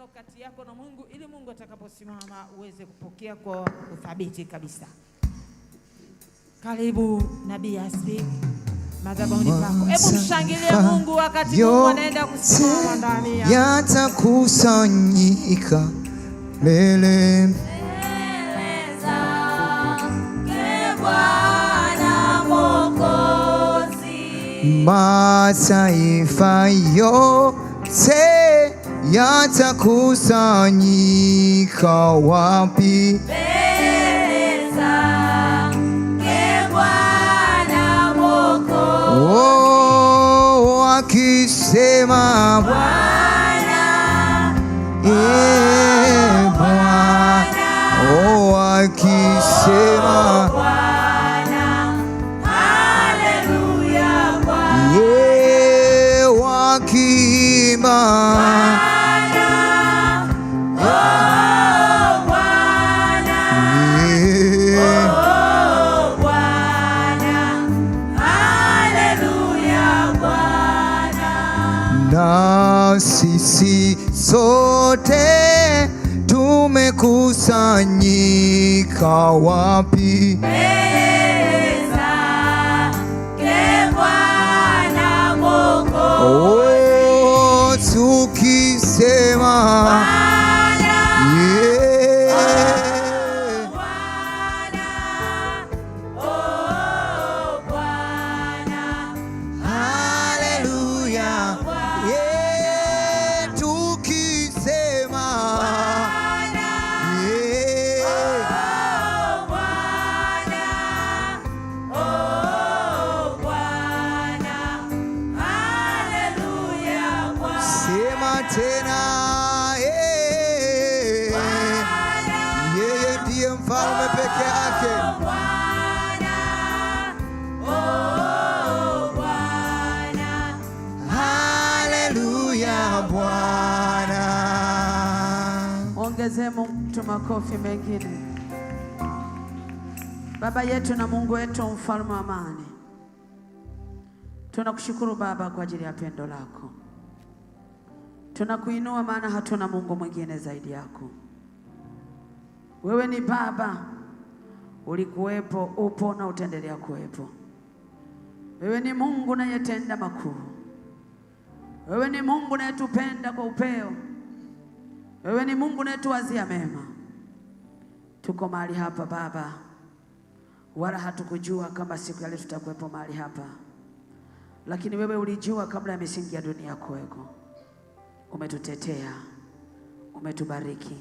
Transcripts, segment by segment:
mahusiano kati yako na Mungu ili Mungu atakaposimama uweze kupokea kwa uthabiti kabisa. Karibu Nabii Asili madhabahuni pako, hebu mshangilie Mungu wakati Mungu anaenda kusimama ndani ya Yatakusanyika mbele zake Bwana Mwokozi, mataifa yote yatakusanyika wapi? Kaa wapi? Bwana Mwokozi, oh, tukisema makofi mengine. Baba yetu na Mungu wetu, mfalme wa amani, tunakushukuru Baba kwa ajili ya pendo lako, tunakuinua maana hatuna Mungu mwingine zaidi yako. Wewe ni Baba, ulikuwepo, upo na utaendelea kuwepo. Wewe ni Mungu nayetenda makuu. Wewe ni Mungu nayetupenda kwa upeo. Wewe ni Mungu unayetuwazia mema. Tuko mahali hapa Baba, wala hatukujua kama siku ya leo tutakuwepo mahali hapa, lakini wewe ulijua kabla ya misingi ya dunia kuweko. Umetutetea, umetubariki,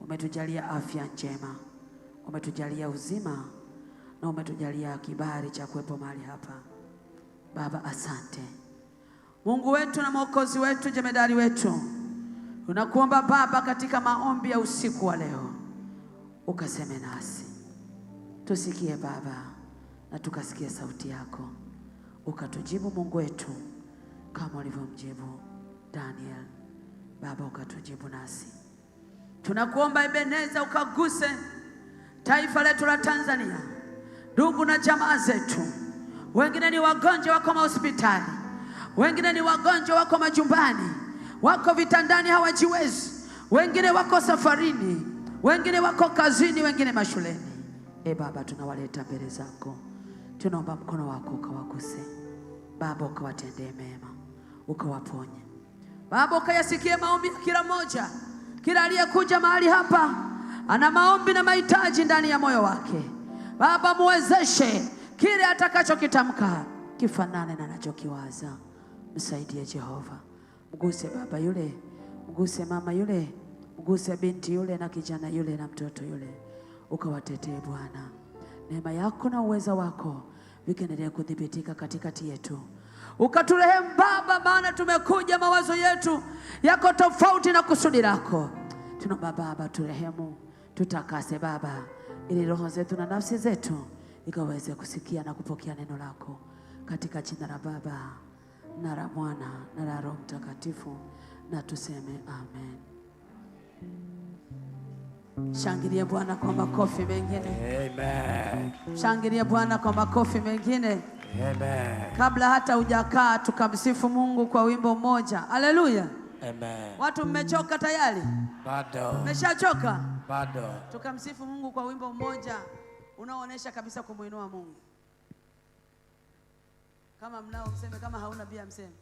umetujalia afya njema, umetujalia uzima na umetujalia kibali cha kuwepo mahali hapa Baba. Asante Mungu wetu na mwokozi wetu, jemedari wetu, tunakuomba Baba, katika maombi ya usiku wa leo ukaseme nasi, tusikie Baba na tukasikie sauti yako, ukatujibu Mungu wetu kama ulivyomjibu Daniel. Baba, ukatujibu nasi, tunakuomba Ebeneza, ukaguse taifa letu la Tanzania, ndugu na jamaa zetu. Wengine ni wagonjwa wako mahospitali, wengine ni wagonjwa wako majumbani, wako vitandani hawajiwezi, wengine wako safarini wengine wako kazini, wengine mashuleni. E Baba, tunawaleta mbele zako, tunaomba mkono wako ukawaguse Baba, ukawatendee mema, ukawaponye Baba, ukayasikie maombi ya kila mmoja, kila aliyekuja mahali hapa ana maombi na mahitaji ndani ya moyo wake. Baba, muwezeshe kile atakachokitamka kifanane na anachokiwaza. Msaidie Jehova, mguse baba yule, mguse mama yule Mguse binti yule na kijana yule na mtoto yule, ukawatetee Bwana. Neema yako na uweza wako vikaendelea kudhibitika katikati yetu, ukaturehemu Baba, maana tumekuja mawazo yetu yako tofauti na kusudi lako. Tunaomba Baba turehemu, tutakase Baba, ili roho zetu na nafsi zetu ikaweze kusikia na kupokea neno lako katika jina la Baba na la Mwana na la Roho Mtakatifu, na tuseme amen. Shangilie Bwana kwa makofi mengine. Amen. Shangilie Bwana kwa makofi mengine. Amen. Kabla hata hujakaa tukamsifu Mungu kwa wimbo mmoja. Haleluya. Amen. Watu mmechoka tayari? Bado. Mmeshachoka? Bado. Tukamsifu Mungu kwa wimbo mmoja unaoonyesha kabisa kumwinua Mungu. Kama mnao mseme, kama hauna bia mseme.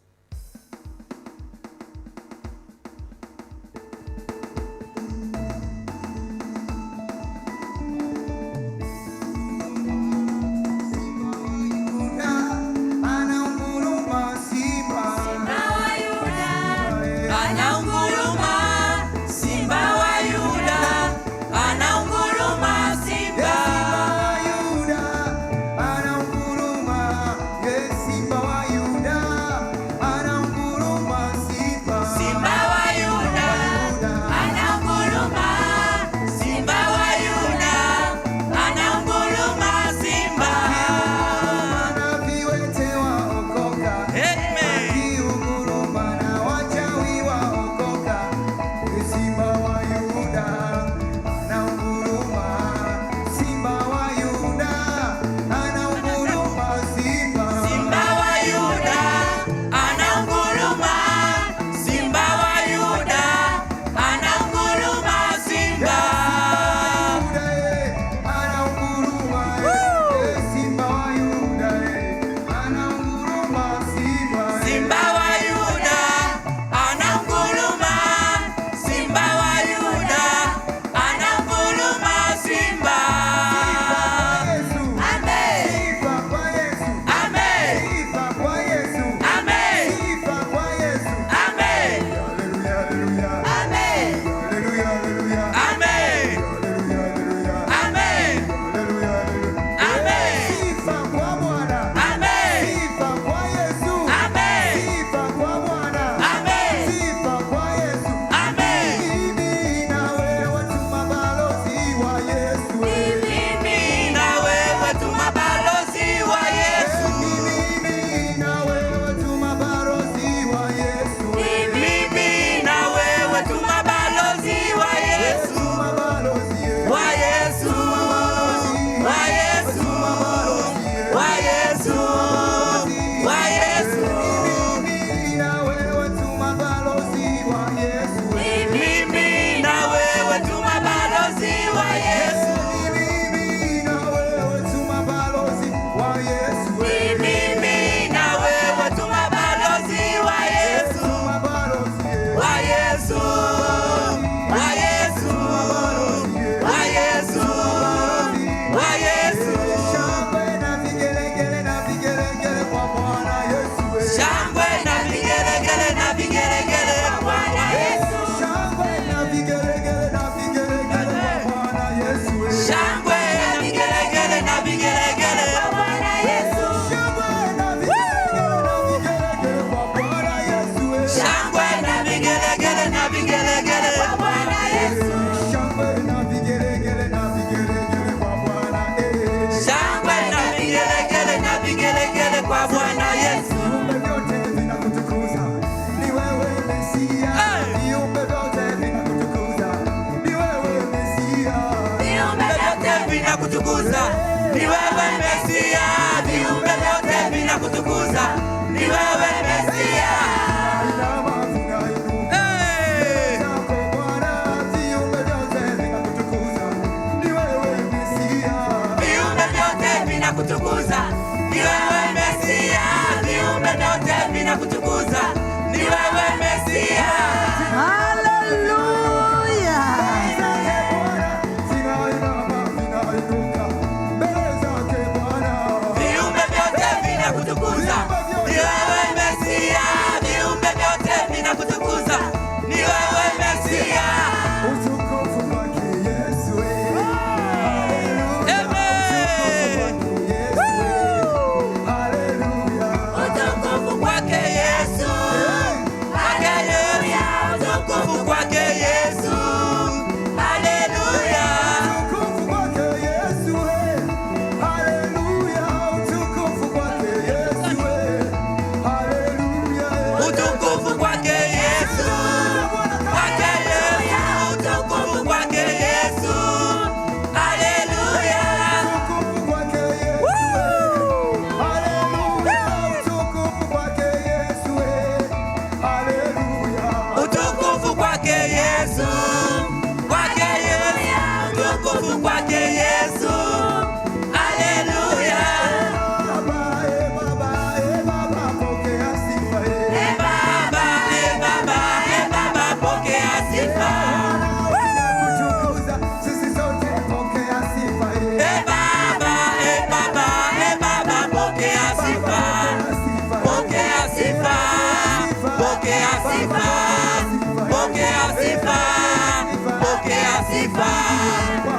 kutukuza, ni wewe Mesia, viumbe vyote vinakutukuza, ni wewe Bye.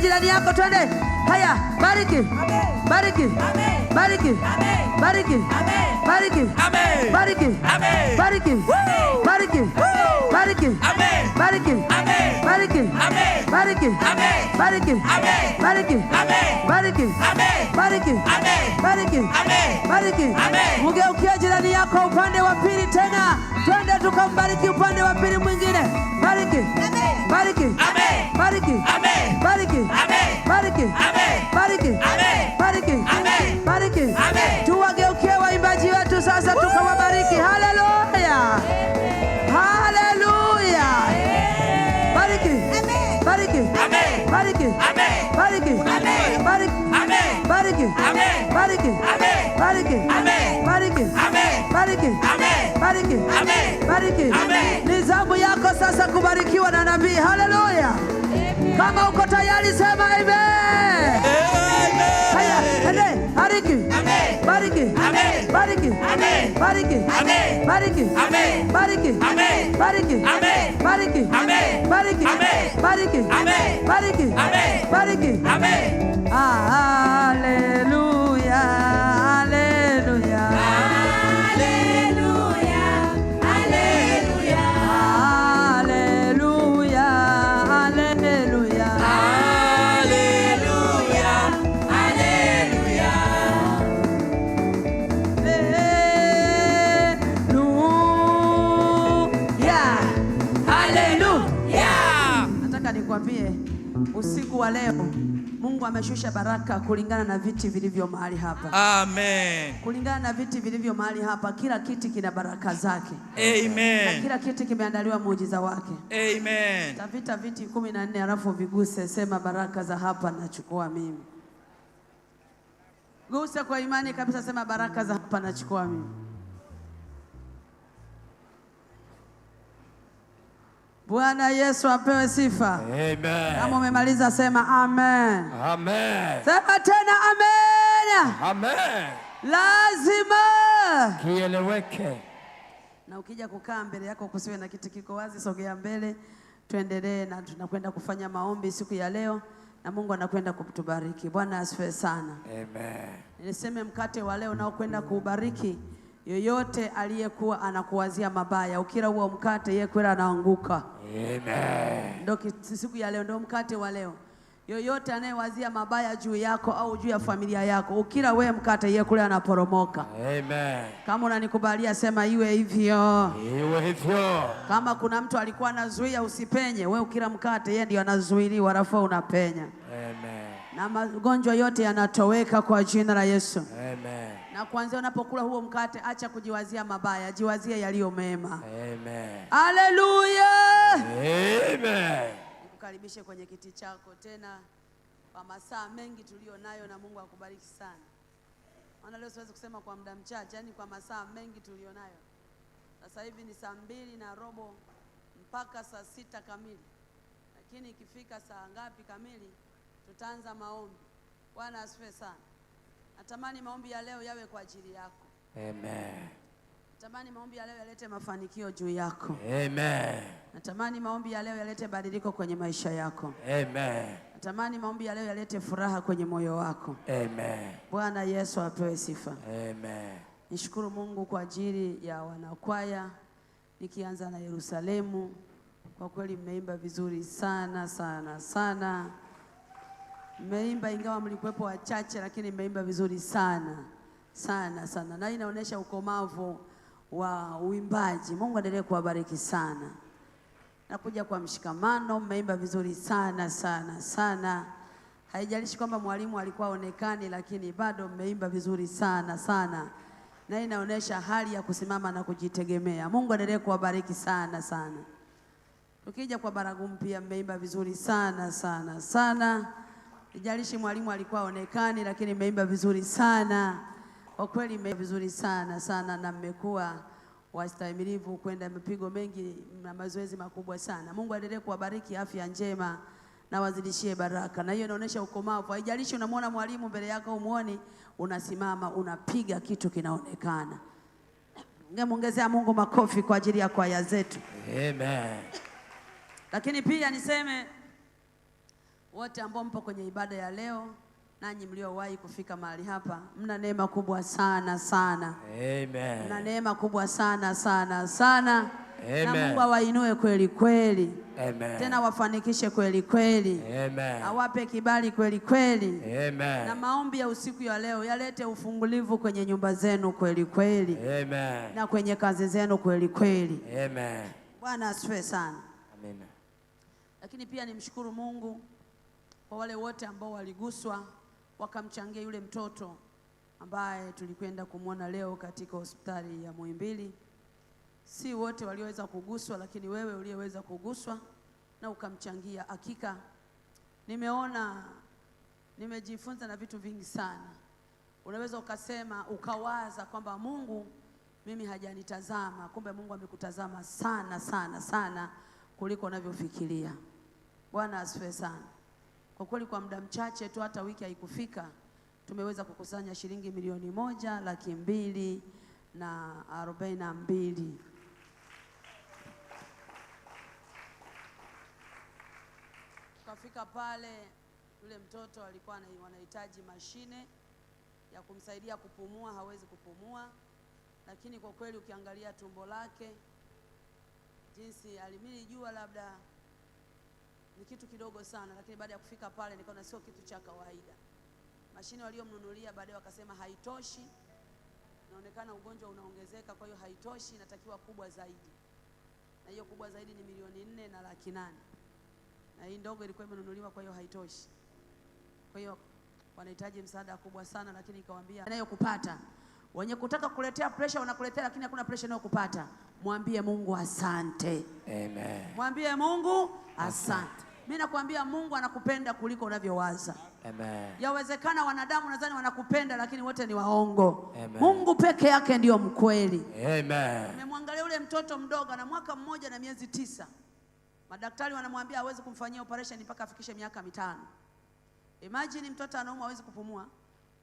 jirani yako, twende. Haya. Bariki, bariki, bariki, bariki, bariki, bariki, bariki, bariki, bariki, bariki, bariki, bariki, bariki, bariki, bariki, bariki, bariki, bariki. Mgeukia jirani yako upande wa pili tena, twende tukambariki upande wa pili mwingine. Bariki, bariki, bariki, bariki, bariki, bariki bariki, bariki, bariki. Tuwageukie waimbaji wetu sasa, tukawabariki. Haleluya, haleluya. Bariki, bariki, bariki, bariki, bariki, bariki, bariki, bariki, bariki, bariki. Ni zamu yako sasa kubarikiwa na nabii. Haleluya. Kama uko tayari sema amen. Barigu, Amen. Barigu, Amen. Barigu, Amen. Barigu, Amen. Barigu, Amen. Barigu, Amen. Barigu, Amen. Barigu, Amen. Barigu, Amen. Barigu, Amen. Barigu, Amen. Barigu, Amen. Barigu, Amen. Hallelujah. leo Mungu ameshusha baraka kulingana na viti vilivyo mahali hapa. Amen. Kulingana na viti vilivyo mahali hapa, kila kiti kina baraka zake. Amen. Na kila kiti kimeandaliwa muujiza wake. Amen. Tavita viti kumi na nne alafu viguse, sema baraka za hapa nachukua mimi. Gusa kwa imani kabisa, sema baraka za hapa nachukua mimi. Bwana Yesu apewe sifa. Amen. Kama umemaliza sema amen. Amen. Sema tena amen. Amen. Lazima kieleweke. Na ukija kukaa mbele yako kusiwe na kiti kiko wazi, sogea mbele, tuendelee na tunakwenda kufanya maombi siku ya leo na Mungu anakwenda kutubariki. Bwana asifiwe sana. Amen. Niseme mkate wa leo nao kwenda kuubariki yoyote aliyekuwa anakuwazia mabaya, ukila huo mkate yeye kweli anaanguka. Amen. Ndo siku ya leo, ndo mkate wa leo. Yoyote anayewazia mabaya juu yako au juu ya familia yako, ukila wewe mkate yeye kule anaporomoka. Amen. Kama unanikubalia sema iwe hivyo. Iwe hivyo. Kama kuna mtu alikuwa anazuia usipenye, we ukila mkate yeye ndio anazuiliwa, alafu unapenya. Amen. Na magonjwa yote yanatoweka kwa jina la Yesu. Amen na kuanzia unapokula huo mkate, acha kujiwazia mabaya, jiwazie yaliyo mema. Amen. Haleluya. Amen. Nikukaribishe kwenye kiti chako tena kwa masaa mengi tuliyo nayo, na Mungu akubariki sana. Maana leo siwezi kusema kwa muda mchache, yani kwa masaa mengi tuliyo nayo sasa hivi ni saa mbili na robo mpaka saa sita kamili, lakini ikifika saa ngapi kamili tutaanza maombi. Bwana asifiwe sana. Natamani maombi ya leo yawe kwa ajili yako. Amen. Natamani maombi ya leo yalete mafanikio juu yako. Amen. Natamani maombi ya leo yalete badiliko kwenye maisha yako. Amen. Natamani maombi ya leo yalete furaha kwenye moyo wako. Amen. Bwana Yesu apewe sifa. Amen. Nishukuru Mungu kwa ajili ya wanakwaya, nikianza na Yerusalemu. Kwa kweli mmeimba vizuri sana sana sana. Mmeimba ingawa mlikuwepo wachache, lakini mmeimba vizuri sana sana sana, na inaonyesha ukomavu wa uimbaji. Mungu aendelee kuwabariki sana nakuja kwa mshikamano. Mmeimba vizuri sana sana sana, haijalishi kwamba mwalimu alikuwa aonekani, lakini bado mmeimba vizuri sana sana, na inaonyesha hali ya kusimama na kujitegemea. Mungu aendelee kuwabariki sana sana. Tukija kwa baragumu pia mmeimba vizuri sana sana sana Ijalishi mwalimu alikuwa aonekani, lakini mmeimba vizuri sana kwa kweli, mmeimba vizuri sana sana, na mmekuwa wastahimilivu kwenda mipigo mengi na mazoezi makubwa sana. Mungu aendelee kuwabariki afya njema na wazidishie baraka, na hiyo inaonyesha ukomavu. Haijalishi unamwona mwalimu mbele yako umuoni, unasimama unapiga, kitu kinaonekana. Ngemongezea Mungu makofi kwa ajili ya kwaya zetu Amen. Lakini pia niseme wote ambao mpo kwenye ibada ya leo, nanyi mliowahi kufika mahali hapa, mna neema kubwa sana sana. Amen. Mna neema kubwa sana sana sana. Amen. Na Mungu awainue kweli kweli. Amen. Tena wafanikishe kweli kweli. Amen. Awape kibali kweli kweli. Amen. Na maombi ya usiku ya leo yalete ufungulivu kwenye nyumba zenu kweli kweli. Amen. Na kwenye kazi zenu kweli kweli. Amen. Bwana asifiwe sana. Amen. Lakini pia nimshukuru Mungu kwa wale wote ambao waliguswa wakamchangia yule mtoto ambaye tulikwenda kumwona leo katika hospitali ya Muhimbili. Si wote walioweza kuguswa, lakini wewe uliyeweza kuguswa na ukamchangia, hakika nimeona, nimejifunza na vitu vingi sana. Unaweza ukasema ukawaza kwamba Mungu mimi hajanitazama, kumbe Mungu amekutazama sana sana sana kuliko unavyofikiria. Bwana asifiwe sana. Kwa kweli kwa muda mchache tu, hata wiki haikufika, tumeweza kukusanya shilingi milioni moja laki mbili na arobaini na mbili. Tukafika pale, yule mtoto alikuwa wanahitaji mashine ya kumsaidia kupumua, hawezi kupumua, lakini kwa kweli ukiangalia tumbo lake jinsi alimili jua labda ni kitu kidogo sana, lakini baada ya kufika pale nikaona sio kitu cha kawaida. Mashine waliomnunulia baadaye wakasema haitoshi, naonekana ugonjwa unaongezeka, kwa hiyo haitoshi, inatakiwa kubwa zaidi, na hiyo kubwa zaidi ni milioni nne na laki nane na hii ndogo ilikuwa imenunuliwa, kwa hiyo haitoshi. Kwa hiyo wanahitaji msaada kubwa sana, lakini nikawaambia anayokupata wenye kutaka kuletea presha wanakuletea, lakini hakuna presha inayokupata. Mwambie Mungu asante. Amen. Mwambie Mungu asante. Mimi nakwambia Mungu anakupenda kuliko unavyowaza. Amen. Yawezekana wanadamu nadhani wanakupenda lakini wote ni waongo. Amen. Mungu peke yake ndiyo mkweli. Amen. Nimemwangalia yule mtoto mdogo na mwaka mmoja na miezi tisa. Madaktari wanamwambia hawezi kumfanyia operation mpaka afikishe miaka mitano. Imagine mtoto anaumwa hawezi kupumua.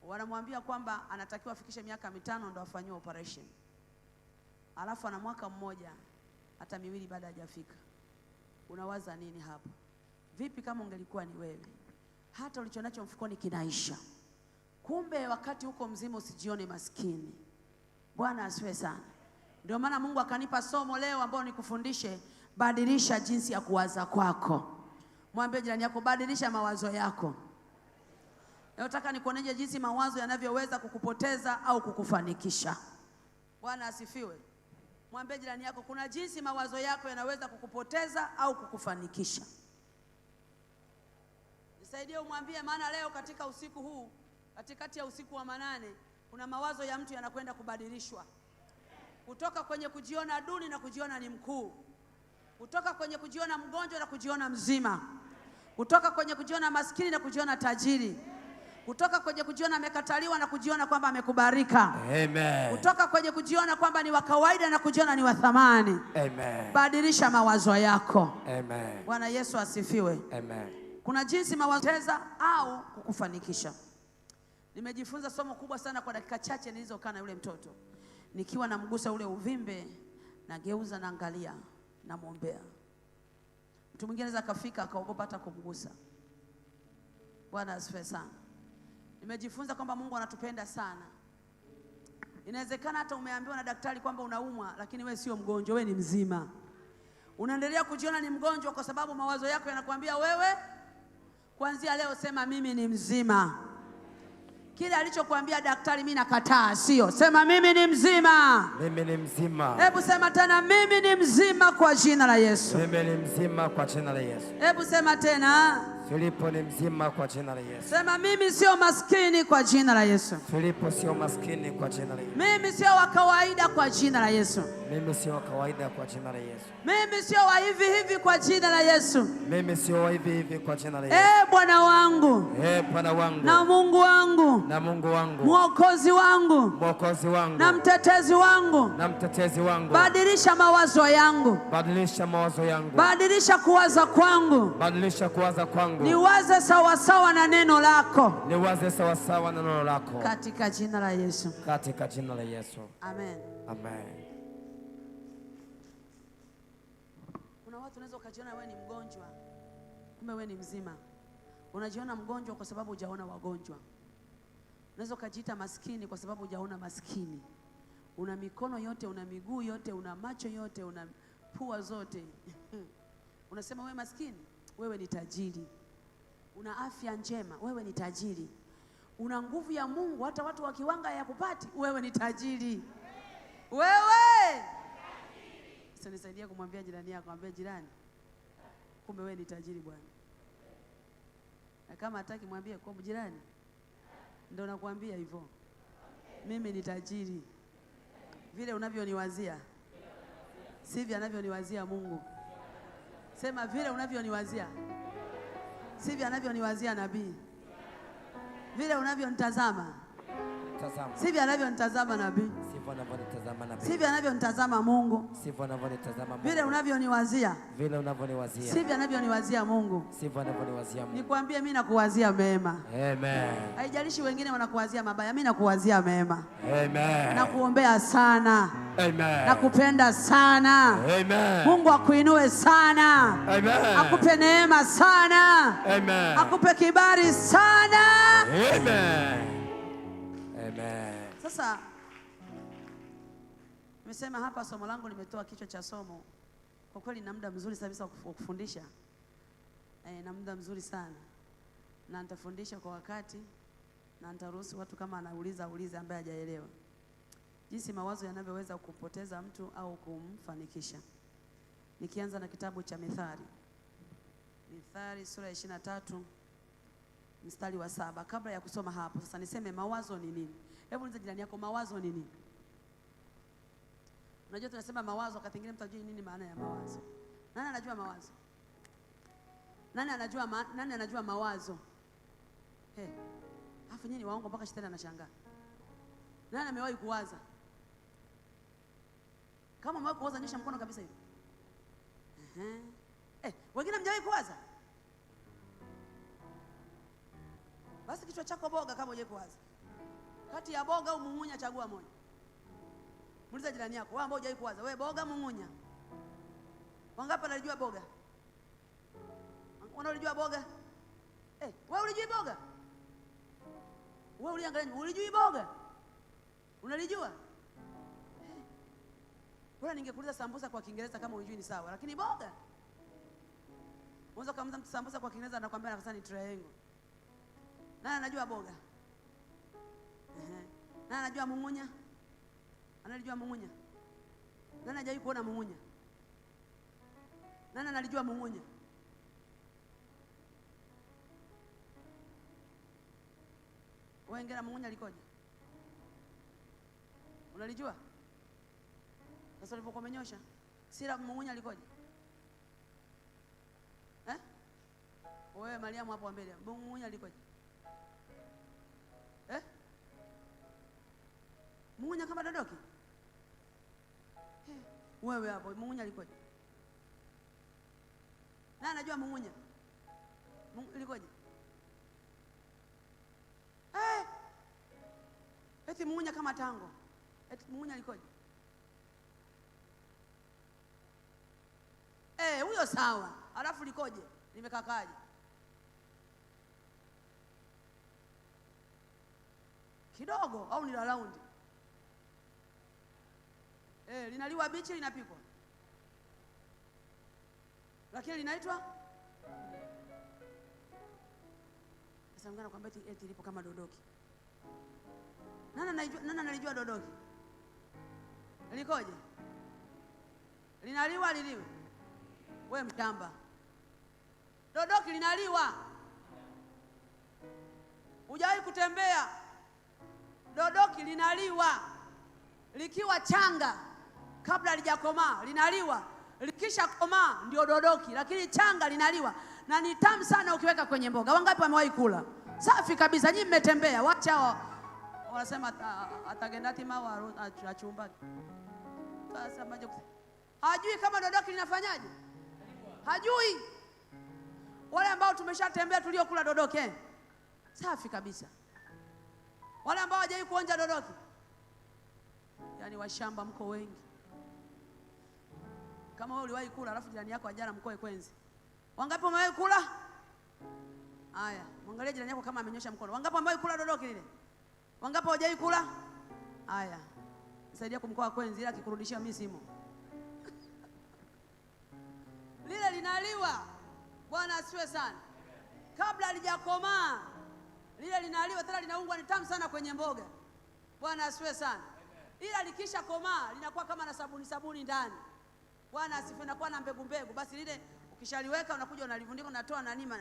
Wanamwambia kwamba anatakiwa afikishe miaka mitano ndo afanyiwe operation. Alafu ana mwaka mmoja hata miwili bado hajafika. Unawaza nini hapa Vipi kama ungelikuwa ni wewe, hata ulichonacho mfukoni kinaisha. Kumbe wakati huko mzima usijione maskini. Bwana asiwe sana. Ndio maana Mungu akanipa somo leo ambao nikufundishe, badilisha jinsi ya kuwaza kwako. Mwambie jirani yako, badilisha mawazo yako. Nataka nikuoneje jinsi mawazo yanavyoweza kukupoteza au kukufanikisha. Bwana asifiwe. Mwambie jirani yako, kuna jinsi mawazo yako yanaweza kukupoteza au kukufanikisha nisaidie umwambie, maana leo katika usiku huu, katikati ya usiku wa manane, kuna mawazo ya mtu yanakwenda kubadilishwa kutoka kwenye kujiona duni na kujiona ni mkuu, kutoka kwenye kujiona mgonjwa na kujiona mzima, kutoka kwenye kujiona maskini na kujiona tajiri kutoka kwenye kujiona amekataliwa na kujiona kwamba amekubarika. Amen. Kutoka kwenye kujiona kwamba ni wa kawaida na kujiona ni wa thamani. Amen. Badilisha mawazo yako. Amen. Bwana Yesu asifiwe. Amen. Kuna jinsi mawateza au kukufanikisha. Nimejifunza somo kubwa sana kwa dakika chache nilizokaa na yule mtoto, nikiwa namgusa ule uvimbe, nageuza, naangalia, namwombea. Mtu mwingine anaweza akafika akaogopa hata kumgusa. Bwana asifiwe sana. Nimejifunza kwamba Mungu anatupenda sana. Inawezekana hata umeambiwa na daktari kwamba unaumwa, lakini we sio mgonjwa, we ni mzima. Unaendelea kujiona ni mgonjwa kwa sababu mawazo yako yanakuambia wewe Kuanzia leo sema mimi ni mzima. Kile alichokuambia daktari mimi nakataa, sio. Sema mimi ni mzima. Mimi ni mzima. Hebu sema tena mimi ni mzima kwa jina la Yesu. Mimi ni mzima kwa jina la Yesu. Hebu sema tena Filipo ni mzima kwa jina la Yesu. Sema mimi sio maskini kwa jina la Yesu. Filipo sio maskini kwa jina la Yesu. Mimi sio wa kawaida kwa jina la Yesu. Mimi sio wa kawaida kwa jina la Yesu. Mimi sio wa hivi hivi kwa jina la Yesu. Mimi sio wa hivi hivi kwa jina la Yesu. Eh, Bwana wangu. Eh, Bwana wangu. Na Mungu wangu. Na Mungu wangu. Mwokozi wangu. Mwokozi wangu. Na mtetezi wangu. Na mtetezi wangu. Badilisha mawazo yangu. Badilisha mawazo yangu. Badilisha kuwaza kwangu. Badilisha kuwaza kwangu wangu. Niwaze sawasawa na neno lako. Niwaze sawasawa na neno lako. Katika jina la Yesu. Katika jina la Yesu. Amen. Amen. Kuna watu unaweza ukajiona wewe ni mgonjwa. Kumbe wewe ni mzima. Unajiona mgonjwa kwa sababu hujaona wagonjwa. Unaweza ukajiita maskini kwa sababu hujaona maskini. Una mikono yote, una miguu yote, una macho yote, una pua zote. Unasema wewe maskini, wewe ni tajiri una afya njema, wewe ni tajiri. Una nguvu ya Mungu, hata watu wa kiwanga ya kupati, wewe ni tajiri. Wewe sasa nisaidia kumwambia jirani yako, mwambie jirani, kumbe wewe ni tajiri bwana. Na kama hataki mwambie kwa jirani, ndio nakwambia hivyo, mimi ni tajiri. Vile unavyoniwazia sivyo anavyoniwazia Mungu. Sema vile unavyoniwazia sivyo anavyoniwazia nabii, vile unavyonitazama sivyo anavyonitazama nabii, sivyo anavyonitazama Mungu, vile unavyoniwazia sivyo anavyoniwazia Mungu. Nikwambie, mi nakuwazia mema, haijalishi wengine wanakuwazia mabaya, mi nakuwazia mema. Nakuombea sana Amen. Nakupenda sana Amen. Mungu akuinue sana Amen. Akupe neema sana Amen. Akupe kibali sana Amen. Amen. Sasa nimesema hapa somo langu nimetoa kichwa cha somo kwa kweli na muda mzuri kabisa wa kufundisha e, na muda mzuri sana na nitafundisha kwa wakati na nitaruhusu watu kama anauliza aulize ambaye hajaelewa jinsi mawazo yanavyoweza kumpoteza mtu au kumfanikisha. Nikianza na kitabu cha Mithali, Mithali sura ya 23 mstari wa saba. Kabla ya kusoma hapo, sasa niseme mawazo ni nini. Hebu niulize jirani yako, mawazo ni nini? Unajua tunasema mawazo, wakati mwingine mtu ajui nini maana ya mawazo. Nani anajua mawazo? Nani anajua ma, nani anajua mawazo? Hey, afu nyinyi waongo mpaka shetani anashangaa. Nani amewahi kuwaza? Kama mmewahi kuoza nyosha mkono kabisa hivi. Eh, wengine mjawahi kuwaza? Basi kichwa chako boga kama hujawahi kuwaza. Kati ya boga au mung'unya chagua moja. Muuliza jirani yako, wewe ambao hujawahi kuwaza, wewe boga mung'unya? Wangapi wanalijua boga? Wanalijua boga? Eh, wewe ulijui boga? Wewe uliangalia, ulijui boga? Unalijua? Bora ningekuuliza sambusa kwa Kiingereza kama unjui ni sawa, lakini boga unaweza kumuuliza mtu sambusa kwa Kiingereza anakuambia nafasa ni triangle. Nani anajua boga? Eh. Nani anajua mung'unya? Analijua mung'unya? Nani hajawahi kuona mung'unya? Nani analijua mung'unya? Wengine mung'unya likoje? Unalijua? Sasa alipokuwa amenyosha Sila kumung'unya alikoje? Eh? Wewe Mariamu hapo mbele, mung'unya alikoje? Eh? Mung'unya kama dodoki? Eh. Wewe hapo mung'unya alikoje? Na anajua mung'unya. Mungu ilikoje? Eh! Eti mung'unya kama tango. Eti mung'unya alikoje? Eh, huyo sawa. Alafu likoje? Nimekakaje? kidogo au ni la raundi eh, linaliwa bichi, linapikwa lakini linaitwa sasa. Mgana kwamba eti lipo kama dodoki. nana nalijua dodoki likoje? Linaliwa liliwe We mtamba, dodoki linaliwa. Hujawahi kutembea? Dodoki linaliwa likiwa changa, kabla lijakomaa linaliwa, likisha komaa ndio dodoki, lakini changa linaliwa na ni tamu sana ukiweka kwenye mboga. Wangapi wamewahi kula? Safi kabisa. Nyinyi mmetembea, wacha hao wanasema ah, ah, atagendati mawa achumbaki. Ah, Sasa hajui kama dodoki linafanyaje hajui. Wale ambao tumeshatembea tuliokula dodoke safi kabisa, wale ambao hawajai kuonja dodoke, yaani washamba mko wengi. Kama wewe uliwahi kula alafu jirani yako ajana mkoe kwenzi, wangapi wamewahi kula? Haya, mwangalie jirani yako kama amenyosha mkono. Wangapi ambao kula dodoke lile? Wangapi hawajai kula? Haya, saidia kumkoa kwenzi, ila akikurudishia mimi simo lile linaliwa. Bwana asiwe sana, kabla lijakomaa lile linaliwa, tena linaungwa, ni tamu sana kwenye mboga. Bwana asiwe sana, ila likisha komaa linakuwa kama na sabuni sabuni ndani. Bwana asifiwe, inakuwa na mbegu mbegu. Basi lile ukishaliweka unakuja unalivundika, unatoa nanima